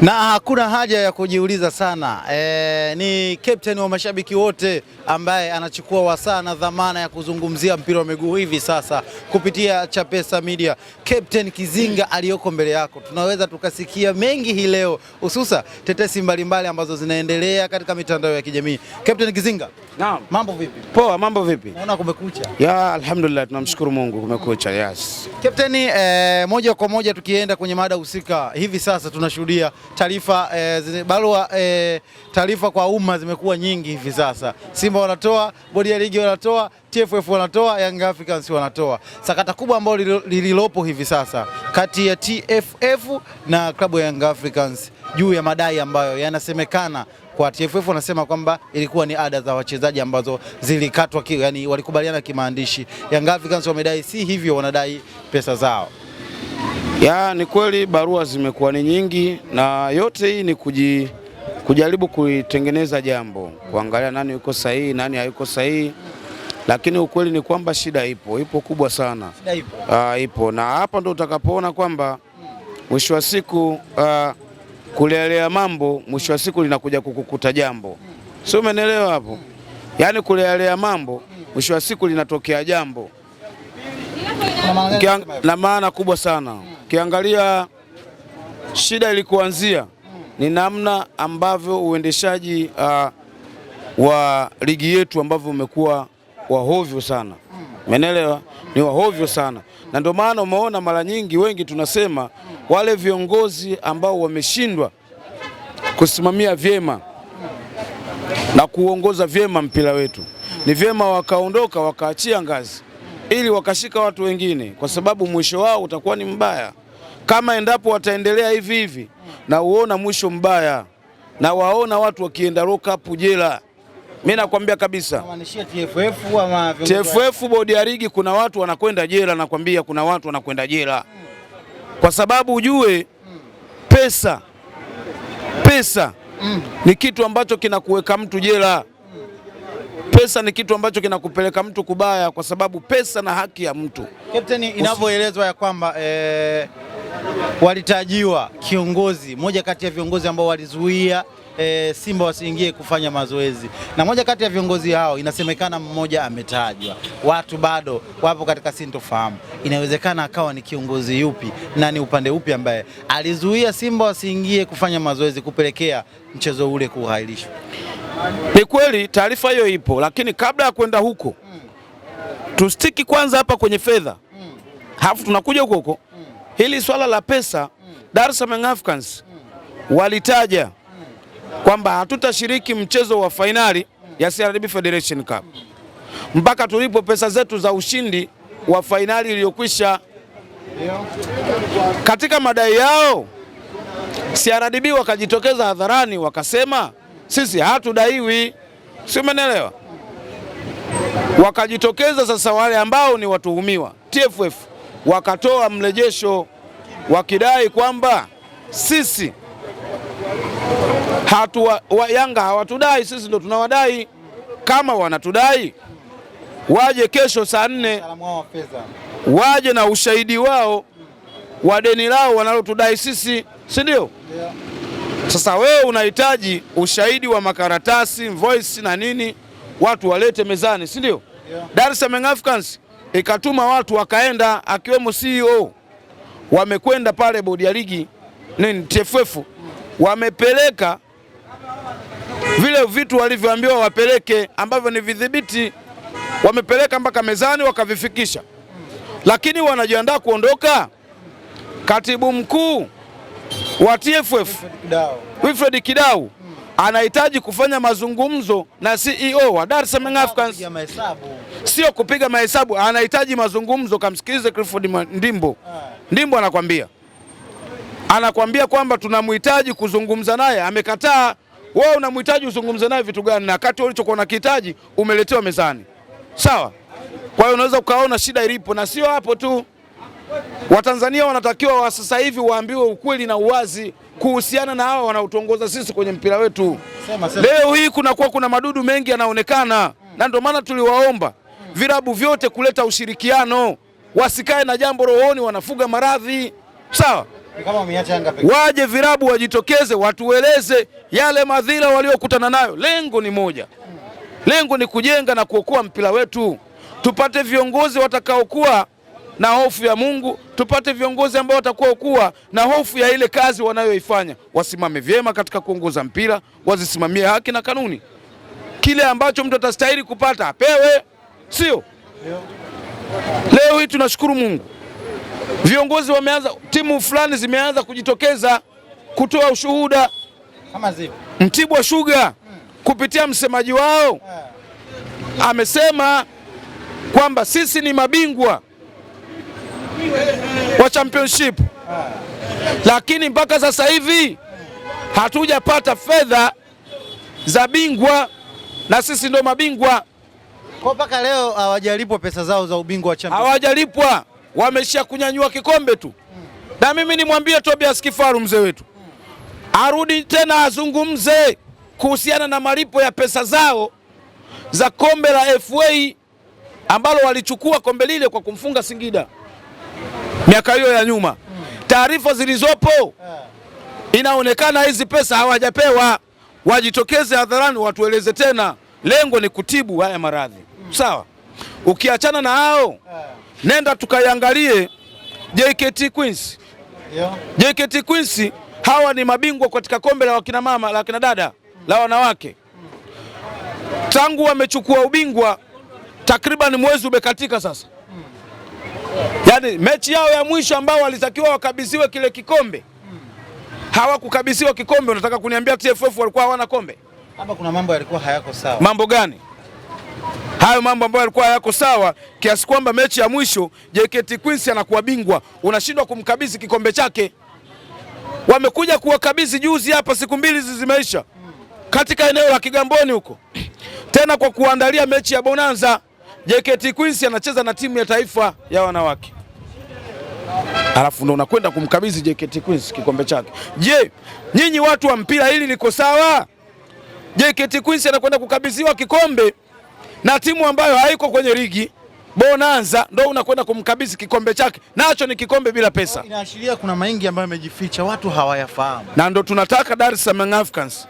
na hakuna haja ya kujiuliza sana e, ni captain wa mashabiki wote ambaye anachukua wasaa na dhamana ya kuzungumzia mpira wa miguu hivi sasa kupitia Chapesa Media. Captain Kizinga aliyoko mbele yako, tunaweza tukasikia mengi hii leo, hususa tetesi mbalimbali ambazo zinaendelea katika mitandao ya kijamii. Captain Kizinga, naam, mambo vipi? Poa, mambo vipi? Naona kumekucha. Ya, alhamdulillah, tunamshukuru Mungu kumekucha. Yes. Captain, e, moja kwa moja tukienda kwenye mada husika, hivi sasa tunashuhudia taarifa e, barua e, taarifa kwa umma zimekuwa nyingi hivi sasa. Simba wanatoa, bodi ya ligi wanatoa, TFF wanatoa, Young Africans wanatoa. Sakata kubwa ambalo lililopo hivi sasa kati ya TFF na klabu ya Young Africans juu ya madai ambayo yanasemekana kwa TFF wanasema kwamba ilikuwa ni ada za wachezaji ambazo zilikatwa, yani walikubaliana kimaandishi. Young Africans wamedai si hivyo, wanadai pesa zao. Ya, ni kweli barua zimekuwa ni nyingi, na yote hii ni kuji, kujaribu kuitengeneza jambo, kuangalia nani yuko sahihi, nani hayuko sahihi, lakini ukweli ni kwamba shida ipo, ipo kubwa sana. Shida ipo. Aa, ah, ipo na hapa ndo utakapoona kwamba mwisho wa siku aa, ah, kulelea mambo mwisho wa siku linakuja kukukuta jambo, si umeelewa hapo? Yaani kulelea mambo mwisho wa siku linatokea jambo na maana kubwa sana Ukiangalia shida ilikuanzia ni namna ambavyo uendeshaji uh, wa ligi yetu ambavyo umekuwa wahovyo sana, umeelewa? Ni wahovyo sana, na ndio maana umeona mara nyingi wengi tunasema wale viongozi ambao wameshindwa kusimamia vyema na kuongoza vyema mpira wetu, ni vyema wakaondoka wakaachia ngazi ili wakashika watu wengine, kwa sababu mwisho wao utakuwa ni mbaya kama endapo wataendelea hivi hivi, na uona mwisho mbaya na waona watu wakienda lokapu jela. Mimi nakwambia kabisa TFF, ama TFF bodi ya ligi, kuna watu wanakwenda jela. Nakwambia kuna watu wanakwenda jela kwa sababu ujue pesa, pesa mm. ni kitu ambacho kinakuweka mtu jela. Pesa ni kitu ambacho kinakupeleka mtu kubaya, kwa sababu pesa na haki ya mtu. Captain, inavyoelezwa ya kwamba e, eh, walitajiwa kiongozi moja kati ya viongozi ambao walizuia e, Simba wasiingie kufanya mazoezi, na moja kati ya viongozi hao inasemekana mmoja ametajwa. Watu bado wapo katika sintofahamu, inawezekana akawa ni kiongozi yupi na ni upande upi ambaye alizuia Simba wasiingie kufanya mazoezi kupelekea mchezo ule kuhairishwa. Ni kweli taarifa hiyo ipo, lakini kabla ya kwenda huko mm. tustiki kwanza hapa kwenye fedha mm. halafu tunakuja huko huko mm. hili swala la pesa mm. Dar es Salaam Africans mm. walitaja mm. kwamba hatutashiriki mchezo wa fainali mm. ya CRDB Federation Cup mm. mpaka tulipo pesa zetu za ushindi wa fainali iliyokwisha. Katika madai yao CRDB wakajitokeza hadharani wakasema sisi hatudaiwi, si umeelewa? Wakajitokeza sasa wale ambao ni watuhumiwa TFF wakatoa mrejesho wakidai kwamba sisi hatu wa, wa, Yanga hawatudai sisi ndo tunawadai. Kama wanatudai waje kesho saa nne waje na ushahidi wao wa deni lao wanalotudai sisi, si ndio? Sasa wewe unahitaji ushahidi wa makaratasi, voice na nini, watu walete mezani, si ndio? Yeah. Dar es Salaam Africans ikatuma watu wakaenda, akiwemo CEO wamekwenda pale bodi ya ligi nini TFF, wamepeleka vile vitu walivyoambiwa wapeleke ambavyo ni vidhibiti, wamepeleka mpaka mezani wakavifikisha, lakini wanajiandaa kuondoka. Katibu mkuu wa TFF Wilfred Kidau anahitaji kufanya mazungumzo na CEO wa Dar es Salaam Africans, sio kupiga mahesabu, anahitaji mazungumzo. Kamsikilize Clifford Ndimbo. Ah. Ndimbo anakwambia anakwambia kwamba tunamhitaji kuzungumza naye, amekataa. Wewe unamhitaji uzungumze naye vitu gani, na kati ulichokuwa unakihitaji umeletewa mezani? Sawa. Kwa hiyo unaweza ukaona shida ilipo, na sio hapo tu. Watanzania wanatakiwa wa sasa hivi waambiwe ukweli na uwazi kuhusiana na hawa wanaotuongoza sisi kwenye mpira wetu. Sema, sema. Leo hii kunakuwa kuna madudu mengi yanaonekana hmm. na ndio maana tuliwaomba hmm. virabu vyote kuleta ushirikiano, wasikae na jambo rohoni, wanafuga maradhi sawa. Waje virabu wajitokeze, watueleze yale madhira waliokutana nayo. Lengo ni moja, lengo ni kujenga na kuokoa mpira wetu, tupate viongozi watakaokuwa na hofu ya Mungu, tupate viongozi ambao watakuwa kuwa na hofu ya ile kazi wanayoifanya, wasimame vyema katika kuongoza mpira, wazisimamie haki na kanuni. Kile ambacho mtu atastahili kupata apewe, sio leo hii. Tunashukuru Mungu, viongozi wameanza, timu fulani zimeanza kujitokeza kutoa ushuhuda kama zipo Mtibwa Sugar kupitia msemaji wao amesema kwamba sisi ni mabingwa wa championship, lakini mpaka sasa hivi hatujapata fedha za bingwa, na sisi ndo mabingwa kwa mpaka leo. Hawajalipwa pesa zao za ubingwa wa championship, hawajalipwa, wamesha kunyanyua kikombe tu. Na mimi nimwambie Tobias Kifaru mzee wetu arudi tena azungumze kuhusiana na malipo ya pesa zao za kombe la FA ambalo walichukua kombe lile kwa kumfunga Singida miaka hiyo ya nyuma, taarifa zilizopo inaonekana hizi pesa hawajapewa. Wajitokeze hadharani watueleze tena, lengo ni kutibu haya maradhi, sawa? Ukiachana na hao, nenda tukaiangalie JKT Queens. JKT Queens hawa ni mabingwa katika kombe la wakina mama la wakina dada la wanawake, tangu wamechukua ubingwa takriban mwezi umekatika sasa Yaani mechi yao ya mwisho ambao walitakiwa wakabidhiwe kile kikombe hawakukabidhiwa kikombe. Unataka kuniambia TFF walikuwa hawana kombe? Hapa kuna mambo yalikuwa hayako sawa. Mambo gani hayo? Mambo ambayo yalikuwa hayako sawa kiasi kwamba mechi ya mwisho JKT Queens anakuwa bingwa, unashindwa kumkabidhi kikombe chake. Wamekuja kuwakabidhi juzi hapa, siku mbili zimeisha, katika eneo la Kigamboni huko, tena kwa kuandalia mechi ya bonanza JKT Queens anacheza na timu ya taifa ya wanawake, alafu ndo unakwenda kumkabidhi JKT Queens kikombe chake. Je, nyinyi watu wa mpira, hili liko sawa? JKT Queens anakwenda kukabidhiwa kikombe na timu ambayo haiko kwenye ligi Bonanza, ndo unakwenda kumkabidhi kikombe chake, nacho ni kikombe bila pesa. Inaashiria kuna mengi ambayo yamejificha, watu hawayafahamu, na ndo tunataka Dar es Salaam Africans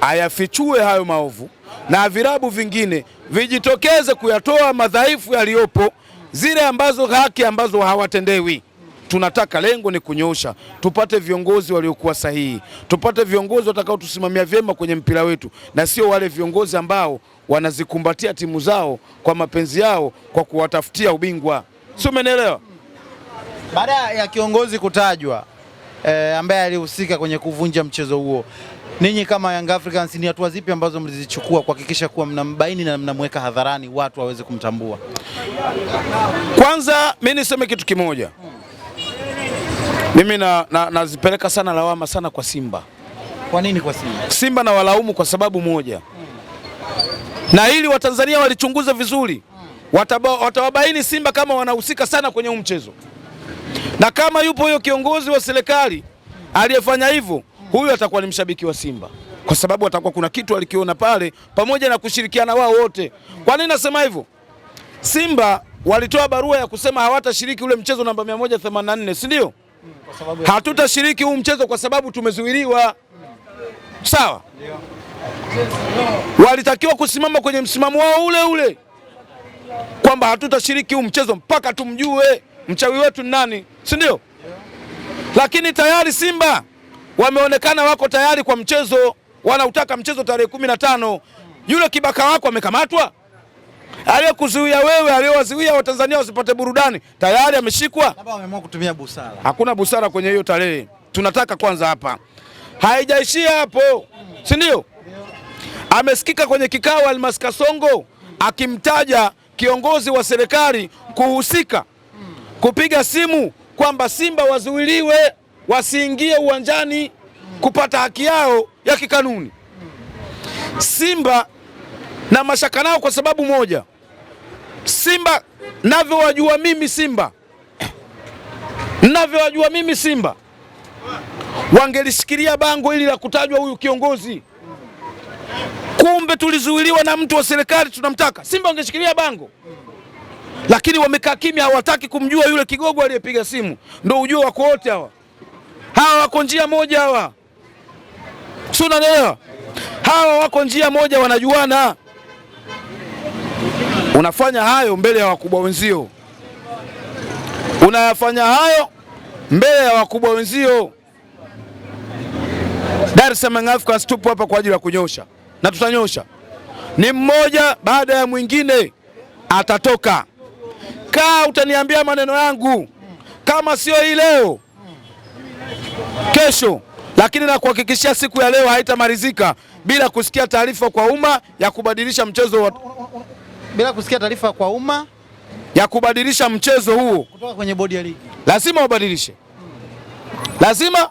ayafichue hayo maovu na virabu vingine vijitokeze kuyatoa madhaifu yaliyopo, zile ambazo haki ambazo hawatendewi. Tunataka lengo ni kunyosha tupate viongozi waliokuwa sahihi, tupate viongozi watakaotusimamia vyema kwenye mpira wetu, na sio wale viongozi ambao wanazikumbatia timu zao kwa mapenzi yao, kwa kuwatafutia ubingwa. Sio, umenielewa? Baada ya kiongozi kutajwa e, ambaye alihusika kwenye kuvunja mchezo huo Ninyi kama Young Africans ni hatua zipi ambazo mlizichukua kuhakikisha kuwa mnambaini na mnamweka hadharani watu waweze kumtambua? Kwanza mi niseme kitu kimoja, mimi nazipeleka na, sana lawama sana kwa Simba. Kwa nini kwa Simba? Simba na walaumu kwa sababu moja, na hili Watanzania walichunguza vizuri, watawabaini Simba kama wanahusika sana kwenye huu mchezo, na kama yupo huyo kiongozi wa serikali aliyefanya hivyo huyu atakuwa ni mshabiki wa Simba kwa sababu atakuwa kuna kitu alikiona pale, pamoja na kushirikiana wao wote. Kwa nini nasema hivyo? Simba walitoa barua ya kusema hawatashiriki ule mchezo namba 184, si ndio? Hatutashiriki huu mchezo kwa sababu tumezuiliwa. Sawa, walitakiwa kusimama kwenye msimamo wao ule ule kwamba hatutashiriki huu mchezo mpaka tumjue mchawi wetu nani, si ndio? Lakini tayari Simba wameonekana wako tayari kwa mchezo, wanautaka mchezo tarehe kumi na tano. Yule kibaka wako amekamatwa, aliyekuzuia wewe, aliyowazuia Watanzania wasipate burudani tayari ameshikwa. Wameamua kutumia busara, hakuna busara kwenye hiyo tarehe. Tunataka kwanza hapa, haijaishia hapo, si ndio? Amesikika kwenye kikao Almas Kasongo akimtaja kiongozi wa serikali kuhusika kupiga simu kwamba Simba wazuiliwe wasiingie uwanjani kupata haki yao ya kikanuni. Simba na mashaka nao kwa sababu moja, Simba navyowajua mimi, Simba navyowajua mimi, Simba wangelishikilia bango hili la kutajwa huyu kiongozi. Kumbe tulizuiliwa na mtu wa serikali tunamtaka, Simba wangeshikilia bango, lakini wamekaa kimya, hawataki kumjua yule kigogo aliyepiga simu. Ndo ujio wako wote hawa wako njia moja hawa, si unanielewa? Hawa wako njia moja, wanajuana. Unafanya hayo mbele ya wakubwa wenzio, unayafanya hayo mbele ya wakubwa wenzio. Dar es Salaam Africans tupo hapa kwa ajili ya kunyosha na tutanyosha, ni mmoja baada ya mwingine atatoka. Kaa utaniambia maneno yangu, kama sio hii leo kesho, lakini na kuhakikishia siku ya leo haitamalizika bila kusikia taarifa kwa umma ya kubadilisha mchezo wa... bila kusikia taarifa kwa umma ya kubadilisha mchezo huo kutoka kwenye bodi ya ligi, lazima wabadilishe, lazima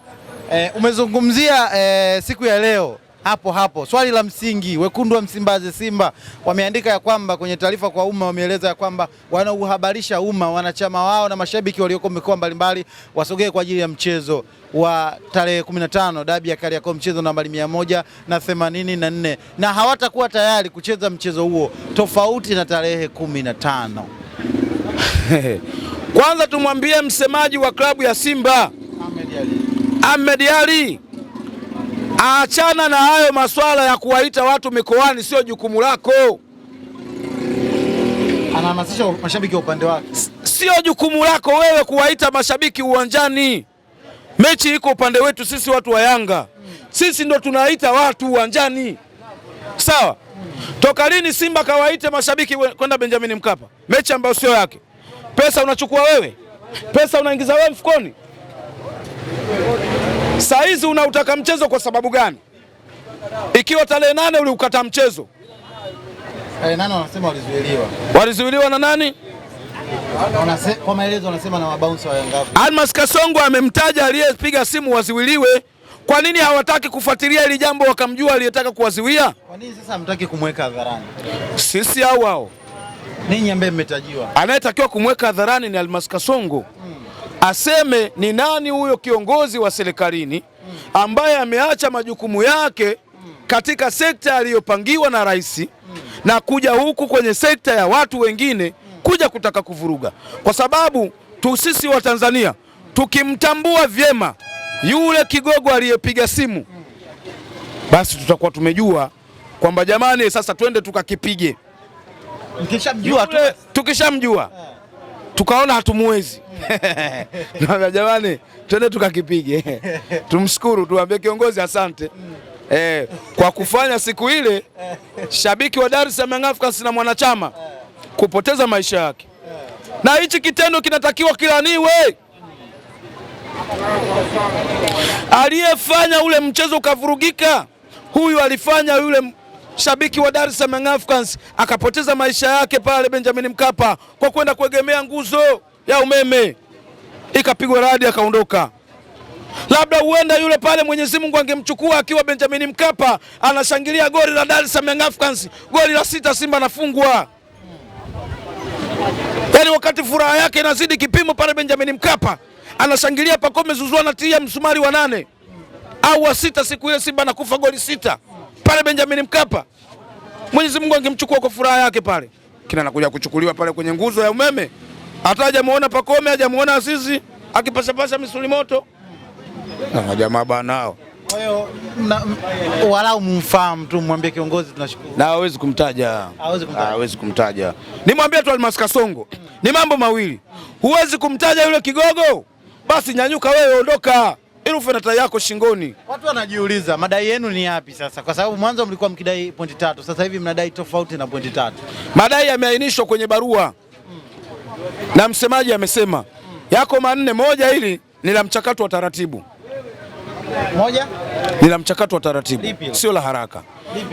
e, Umezungumzia e, siku ya leo hapo hapo. Swali la msingi, wekundu wa Msimbazi Simba wameandika ya kwamba kwenye taarifa kwa umma wameeleza ya kwamba wanauhabarisha umma, wanachama wao na mashabiki walioko mikoa mbalimbali wasogee kwa ajili ya mchezo wa tarehe 15 dabi ya Kariakoo, mchezo nambari 184, na na hawatakuwa tayari kucheza mchezo huo tofauti na tarehe 15. Kwanza tumwambie msemaji wa klabu ya Simba Ahmed Ali Achana na hayo maswala ya kuwaita watu mikoani, sio jukumu lako. Anahamasisha mashabiki wa upande wake, sio jukumu lako wewe kuwaita mashabiki uwanjani. Mechi iko upande wetu sisi watu wa Yanga, sisi ndo tunaita watu uwanjani, sawa? Toka lini Simba kawaite mashabiki kwenda Benjamin Mkapa, mechi ambayo sio yake? Pesa unachukua wewe, pesa unaingiza wewe mfukoni. Saa hizi unautaka mchezo kwa sababu gani? Ikiwa tarehe nane uliukata mchezo, tarehe nane wanasema walizuiliwa, walizuiliwa na nani? Kwa maelezo wanasema na mabaunsa wa Yanga. Almas Kasongo amemtaja aliyepiga simu waziwiliwe. Kwa nini hawataki kufuatilia hili jambo wakamjua aliyetaka kuwaziwia? Kwa nini sasa hamtaki kumweka hadharani? Sisi au wao? Ninyi ambaye mmetajiwa, anayetakiwa kumweka hadharani ni Almas Kasongo hmm aseme ni nani huyo kiongozi wa serikalini ambaye ameacha majukumu yake katika sekta aliyopangiwa na rais na kuja huku kwenye sekta ya watu wengine kuja kutaka kuvuruga, kwa sababu tu sisi wa Tanzania tukimtambua vyema yule kigogo aliyepiga simu, basi tutakuwa tumejua kwamba jamani, sasa twende tukakipige. Tukishamjua, tukishamjua eh tukaona hatumuwezi jamani, twende tukakipige, tumshukuru, tuambie kiongozi asante eh, kwa kufanya siku ile shabiki wa Dar es Salaam Africans na mwanachama kupoteza maisha yake, na hichi kitendo kinatakiwa kilaniwe. Aliyefanya ule mchezo ukavurugika, huyu alifanya yule shabiki wa Dar es Salaam Africans akapoteza maisha yake pale Benjamin Mkapa kwa kwenda kuegemea nguzo ya umeme ikapigwa radi akaondoka. Labda huenda yule pale Mwenyezi Mungu angemchukua akiwa Benjamin Mkapa anashangilia goli la Dar es Salaam Africans, goli la sita, Simba anafungwa. Yaani wakati furaha yake inazidi kipimo pale Benjamin Mkapa anashangilia Pacome Zouzoua anatia msumari wa nane au wa sita siku ile, Simba anakufa goli sita pale Benjamin Mkapa. Mwenyezi Mungu angemchukua kwa furaha yake pale, kina anakuja kuchukuliwa pale kwenye nguzo ya umeme, hata hajamuona Pakome, hajamuona Azizi akipashapasha misuli moto na jamaa banao. Kwa hiyo walau mumfahamu tu, mwambie kiongozi tunashukuru. Na hawezi kumtaja, hawezi kumtaja. Nimwambie tu Almas Kasongo ni mambo mawili, huwezi kumtaja yule kigogo, basi nyanyuka wewe, ondoka ufe na tai yako shingoni. Watu wanajiuliza madai yenu ni yapi sasa, kwa sababu mwanzo mlikuwa mkidai pointi tatu, sasa hivi mnadai tofauti na pointi tatu. Madai yameainishwa kwenye barua na msemaji amesema ya yako manne, moja hili ni la mchakato wa taratibu moja ni la mchakato wa taratibu, sio la haraka.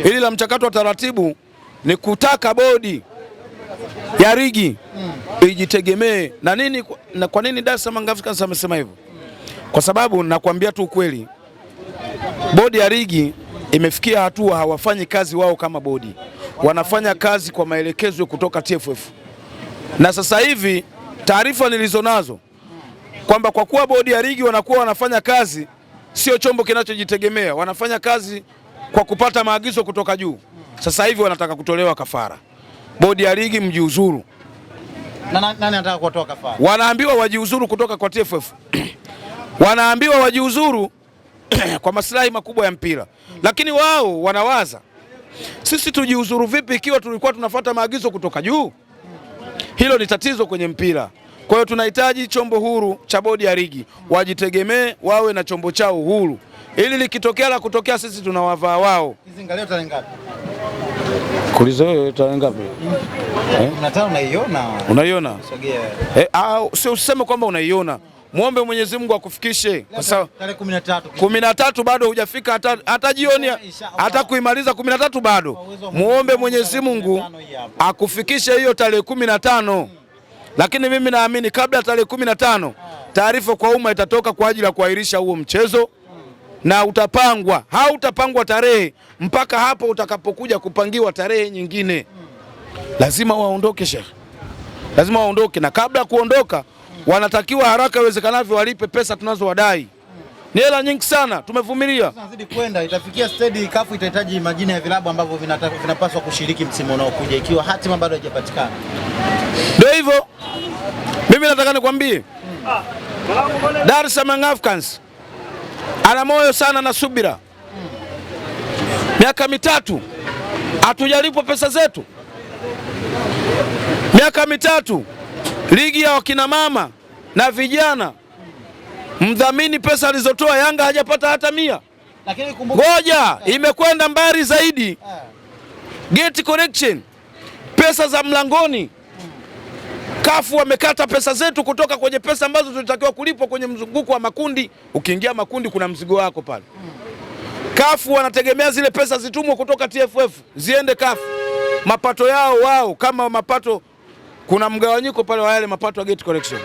Hili la mchakato wa taratibu ni kutaka bodi ya ligi mm. ijitegemee na nini, na kwa nini Dar es Salaam Africans amesema hivyo? kwa sababu nakwambia tu ukweli, bodi ya ligi imefikia hatua hawafanyi kazi wao kama bodi, wanafanya kazi kwa maelekezo kutoka TFF. Na sasa hivi taarifa nilizonazo kwamba kwa kuwa bodi ya ligi wanakuwa wanafanya kazi, sio chombo kinachojitegemea, wanafanya kazi kwa kupata maagizo kutoka juu. Sasa hivi wanataka kutolewa kafara, bodi ya ligi mjiuzuru. Na nani anataka kutoa kafara? Wanaambiwa wajiuzuru kutoka kwa TFF wanaambiwa wajiuzuru kwa maslahi makubwa ya mpira, lakini wao wanawaza sisi tujiuzuru vipi ikiwa tulikuwa tunafuata maagizo kutoka juu. Hilo ni tatizo kwenye mpira. Kwa hiyo tunahitaji chombo huru cha bodi ya ligi, wajitegemee, wawe na chombo chao huru, ili likitokea la kutokea, sisi tunawavaa wao. Hizi ngapi? Kulizo hiyo eh, tarehe ngapi? Unaiona? Unaiona? Eh, Sio useme kwamba unaiona. Muombe Mwenyezi Mungu akufikishe kwa sababu kumi na tatu bado hujafika, hata hata jioni hata kuimaliza kumi na tatu bado. Muombe Mwenyezi Mungu akufikishe hiyo tarehe kumi na tano, hmm. lakini mimi naamini kabla tarehe kumi na tano ah. taarifa kwa umma itatoka kwa ajili ya kuahirisha huo mchezo hmm. na utapangwa, hautapangwa tarehe mpaka hapo utakapokuja kupangiwa tarehe nyingine. Hmm. Lazima waondoke Sheikh, lazima waondoke, na kabla ya kuondoka wanatakiwa haraka iwezekanavyo walipe pesa tunazowadai. Ni hela nyingi sana, tumevumilia. Tunazidi kwenda, itafikia stedi kafu itahitaji majina ya vilabu ambavyo vinapaswa kushiriki msimu unaokuja ikiwa hatima bado haijapatikana. Ndio hivyo, mimi nataka nikwambie hmm. Dar es Salaam Africans ana moyo sana na subira Miaka mitatu hatujalipwa pesa zetu, miaka mitatu ligi ya wakinamama na vijana, mdhamini pesa alizotoa Yanga hajapata hata mia. Ngoja eh. imekwenda mbali zaidi, eh. gate connection, pesa za mlangoni Kafu wamekata pesa zetu kutoka kwenye pesa ambazo tulitakiwa kulipwa kwenye mzunguko wa makundi. Ukiingia makundi, kuna mzigo wako pale. Kafu wanategemea zile pesa zitumwe kutoka TFF ziende Kafu, mapato yao wao kama mapato kuna mgawanyiko pale wa yale mapato ya gate collection.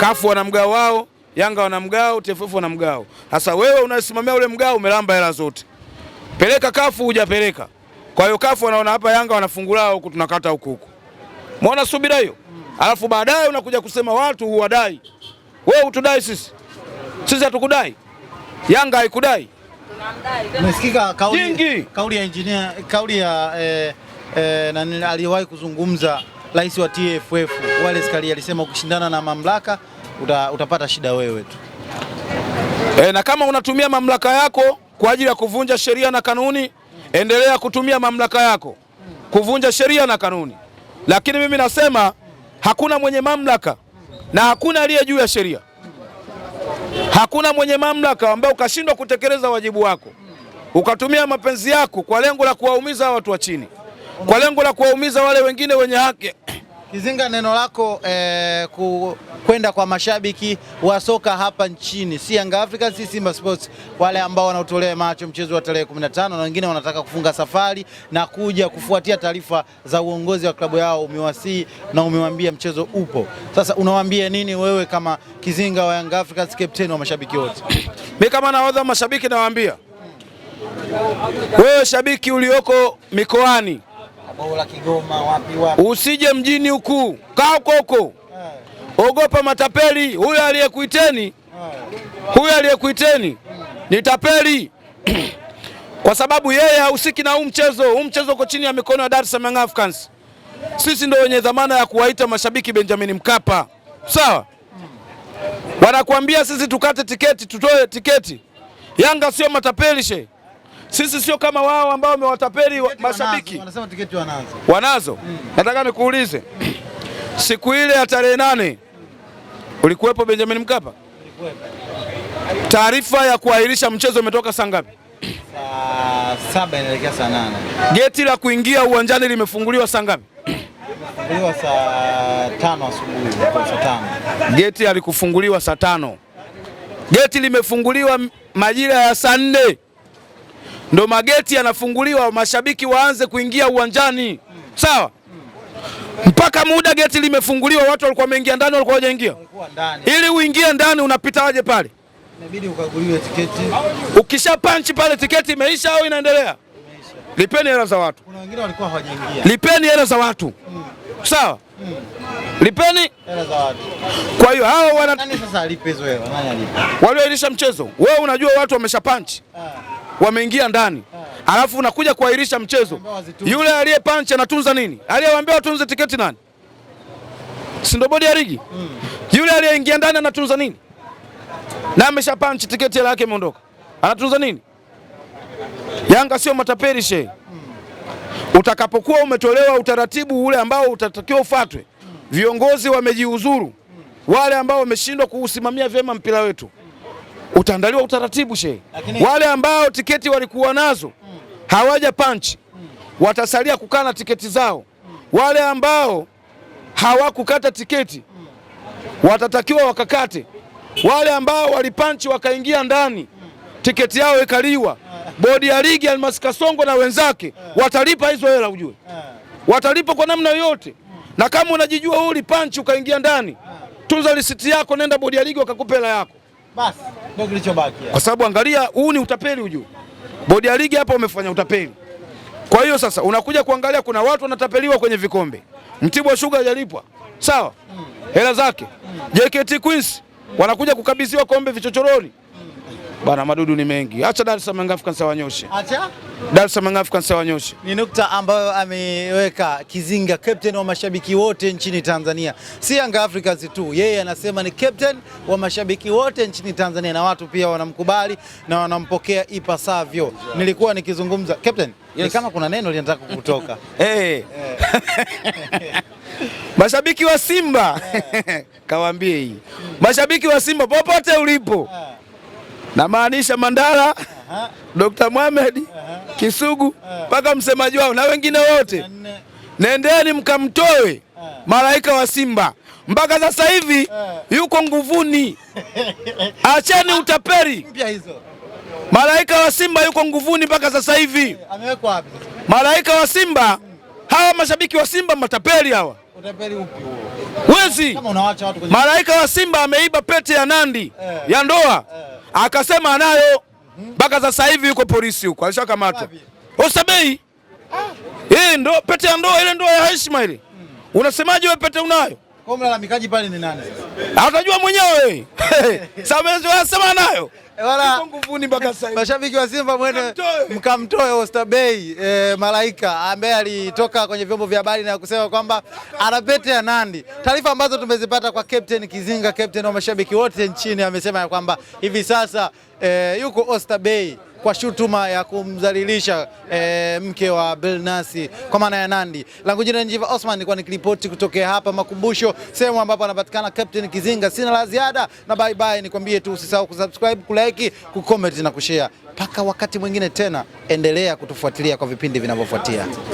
Kafu wana mgao wao, Yanga wana mgao, TFF wana mgao. Sasa wewe unasimamia ule mgao, umelamba hela zote, peleka Kafu hujapeleka. Kwa hiyo Kafu wanaona hapa Yanga wanafungula huku, tunakata huku huku, muona subira hiyo. Alafu baadaye unakuja kusema watu huwadai, wewe utudai sisi, sisi hatukudai, Yanga haikudai. Umesikika kauli, kauli ya engineer, kauli ya eh, eh, aliyewahi kuzungumza rais wa TFF Wallace Karia alisema ukishindana na mamlaka uta, utapata shida wewe tu e, na kama unatumia mamlaka yako kwa ajili ya kuvunja sheria na kanuni, endelea kutumia mamlaka yako kuvunja sheria na kanuni, lakini mimi nasema hakuna mwenye mamlaka na hakuna aliye juu ya sheria. Hakuna mwenye mamlaka ambaye ukashindwa kutekeleza wajibu wako ukatumia mapenzi yako kwa lengo la kuwaumiza watu wa chini kwa lengo la kuwaumiza wale wengine wenye haki. Kizinga, neno lako eh, kwenda kwa mashabiki wa soka hapa nchini, si Yanga Africa, si Simba Sports, wale ambao wanaotolea macho mchezo wa tarehe 15 na wengine wanataka kufunga safari na kuja kufuatia taarifa za uongozi wa klabu yao, umewasii na umewaambia mchezo upo. Sasa unawaambia nini wewe kama Kizinga wa Yanga Africa, captain wa mashabiki wote? Mimi kama nahodha wa mashabiki nawaambia wewe shabiki ulioko mikoani Tabora, Kigoma, wapi wapi. Usije mjini huku, kaa huko huko, eh. ogopa matapeli. Huyo aliyekuiteni, eh. huyo aliyekuiteni ni tapeli kwa sababu yeye hahusiki na huu mchezo. Huu mchezo uko chini ya mikono ya Dar es Salaam Africans. Sisi ndio wenye dhamana ya kuwaita mashabiki Benjamin Mkapa, sawa? Hmm. Wanakuambia sisi tukate tiketi, tutoe tiketi. Yanga sio matapeli shee. Sisi sio kama wao ambao wamewatapeli mashabiki. Wanasema tiketi wanazo, wanazo. Mm. Nataka nikuulize siku ile ya tarehe nane ulikuwepo Benjamin Mkapa? Taarifa ya kuahirisha mchezo umetoka saa ngapi? Saa saba inaelekea saa nane. Geti la kuingia uwanjani limefunguliwa saa ngapi? Limefunguliwa saa tano asubuhi, saa tano. Geti halikufunguliwa saa tano. Geti limefunguliwa majira ya saa nne ndo mageti yanafunguliwa, mashabiki waanze kuingia uwanjani, sawa mpaka muda geti limefunguliwa, watu walikuwa wameingia ndani, walikuwa hawajaingia. Ili uingie ndani, unapitaje pale? Inabidi ukaguliwe tiketi. Ukisha panchi pale, tiketi imeisha au inaendelea? Imeisha. Lipeni hela za watu. Kuna wengine walikuwa hawajaingia. Lipeni hela za watu mm. Sawa mm. Lipeni hela za watu. Kwa hiyo hao wana nani sasa alipe hizo hela? Nani alipe? Walioilisha mchezo. Wewe unajua watu wamesha panchi ah wameingia ndani alafu unakuja kuahirisha mchezo. Yule aliye panchi anatunza nini? Aliyewaambia watunze tiketi nani? Si ndo bodi ya ligi? Mm. Yule aliyeingia ndani anatunza nini? Na amesha panchi tiketi yake imeondoka, anatunza nini? Yanga sio matapeli she. Mm. Utakapokuwa umetolewa utaratibu ule ambao utatakiwa ufatwe, mm. viongozi wamejiuzuru, wale ambao wameshindwa kuusimamia vyema mpira wetu utaandaliwa utaratibu shehe. Wale ambao tiketi walikuwa nazo hmm. hawaja panchi hmm. watasalia kukaa na tiketi zao. Hmm. Wale ambao hawakukata tiketi watatakiwa wakakate. Wale ambao walipanchi wakaingia ndani tiketi yao ikaliwa, bodi ya ligi Almasi Kasongo na wenzake watalipa hizo hela, ujue watalipa kwa namna yoyote. Na kama unajijua uli panchi ukaingia ndani, tunza risiti yako, nenda bodi ya ligi wakakupa hela yako basi ndio kilichobaki, kwa sababu angalia, huu ni utapeli hujuu. Bodi ya ligi hapa wamefanya utapeli. Kwa hiyo sasa unakuja kuangalia, kuna watu wanatapeliwa kwenye vikombe. Mtibwa Sugar hajalipwa sawa mm. hela zake, mm. JKT Queens wanakuja kukabidhiwa kombe vichochoroni. Bana, madudu ni mengi. Acha Dar es Salaam Africans wanyoshe. Acha Dar es Salaam Africans wanyoshe. Ni nukta ambayo ameweka Kizinga, captain wa mashabiki wote nchini Tanzania, si Yanga Africans tu, yeye anasema ni captain wa mashabiki wote nchini Tanzania, na watu pia wanamkubali na wanampokea ipasavyo. Nilikuwa nikizungumza captain, yes. Ni kama kuna neno linataka kutoka hey. Hey. Eh. mashabiki wa Simba eh. kawaambie hii, mashabiki wa Simba popote ulipo hey. Eh namaanisha Mandala, Dr. Mohamed Kisugu mpaka msemaji wao na wengine wote, nendeni mkamtoe malaika wa Simba mpaka sasa hivi yuko nguvuni. Acheni utaperi, malaika wa Simba yuko nguvuni mpaka sasa hivi. Malaika wa Simba hawa, mashabiki wa Simba mataperi hawa, wezi. Malaika wa Simba ameiba pete ya Nandi eh. ya ndoa. Eh akasema anayo mpaka sasa hivi yuko polisi huko, alishakamatwa Osabei. Ah. Hii ndo pete ya ndoa, ile ndoa ya heshima ile. Hmm. Unasemaje wewe pete unayo? Kwa mlalamikaji pale ni nani sasa? Utajua mwenyewe. anasema nayo. Eh, wala nguvuni mpaka sasa. Mashabiki wa Simba mwende mkamtoe Bay e, Malaika ambaye alitoka kwenye vyombo vya habari na kusema kwamba ana pete ya Nandi. Taarifa ambazo tumezipata kwa Captain Kizinga, captain wa mashabiki wote nchini amesema ya kwamba hivi sasa e, yuko bay kwa shutuma ya kumdhalilisha e, mke wa Belnasi kwa maana ya Nandi. Langu jina Njiva Osman, nilikuwa nikiripoti kutokea hapa Makumbusho, sehemu ambapo anapatikana Captain Kizinga. Sina la ziada na bye bye, nikwambie tu usisahau kusubscribe, kulike, kucomment na kushare. Mpaka wakati mwingine tena, endelea kutufuatilia kwa vipindi vinavyofuatia.